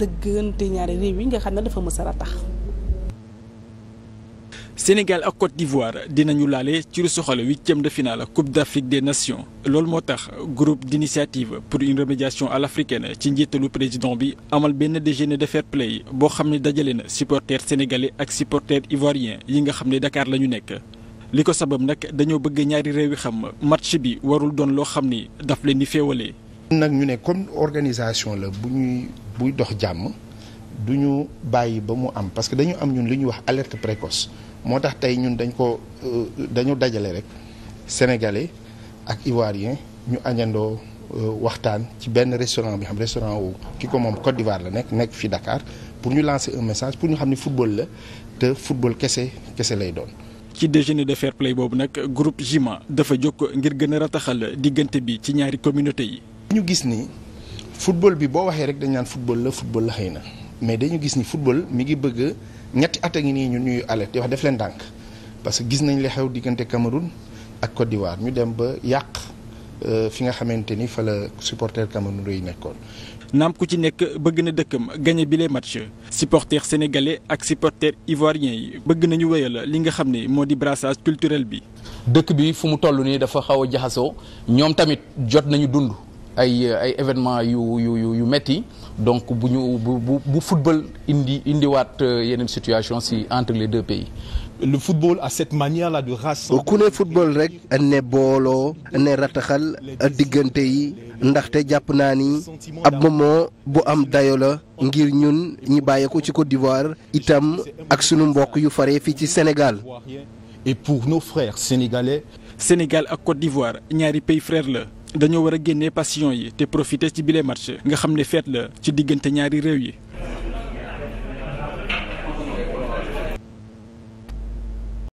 dëggante ñaari réew yi nga xam ne dafa mës a Sénégal ak Côte d'Ivoire dinañu laale ci lu soxla huitième de finale Coupe d'Afrique de Nations loolu moo tax groupe d'initiative pour une remédiation à l'africaine ci njiitalu président bi amal benn déjeuner de fair play boo xam ne dajale na supporters sénégalais ak supporters ivoiriens yi nga xam ne Dakar la ñu nekk. li ko sabab nag dañoo bëgg ñaari réew yi xam match bi warul doon loo xam ni daf leen di féewale. nag ñu ne comme organisation la bu buy dox jàmm du ñu bàyyi ba mu am parce que dañu am ñun li ñuy wax alerte précoce moo tax tey ñun dañ ko euh, dañu dajale rek sénégalais ak ivoirien ñu añandoo euh, waxtaan ci benn restaurant bi xam restaurant wu ki ko moom Côte d'Ivoire la nekk nekk fi Dakar pour ñu lancer un message pour ñu xam ne football la te football kese kese lay doon. ci déjeuner de fair play boobu nag groupe JIMA dafa jokk ngir gën a rataxal diggante bi ci ñaari communauté yi. ñu gis ni. football bi boo waxee rek dañ naan football la football la xëy na mais dañu gis ni football mi ngi bëgg ñetti at a ngi nii ñun ñuy alerte wax def leen dànk parce que gis nañ li xew diggante Cameroun ak Côte ñu dem ba yàq euh, fi nga xamante ni fa la supporter Cameroun yi nekkoon. naam ku ci nekk bëgg na dëkkam gagné bile match. supporter sénégalais ak supporter ivoirien yi bëgg nañu wéyal li nga xam ne moo di brassage culturel bi. dëkk bi fu mu toll nii dafa xaw a jaxasoo ñoom tamit jot nañu dund. ay ay événements yu yu yu yu metti donc bu ñu bu bu football indi indiwaat euh, yeneen situation si entre les deux pays. le football a cette manière là de rassembler. ku ne football rek ne booloo ne diggante yi ndaxte jàpp naa ni ab moment bu am dayo la ngir ñun ñi bàyyeekoo ci Côte d'Ivoire itam ak sunu mbokk yu faree fii ci Sénégal. et pour nos frères sénégalais. Sénégal ak Côte d'Ivoire ñaari pays frères la. dañoo war a génnee passion yi te profiter ci bile match nga xam ne feet la ci diggante ñaari réew yi.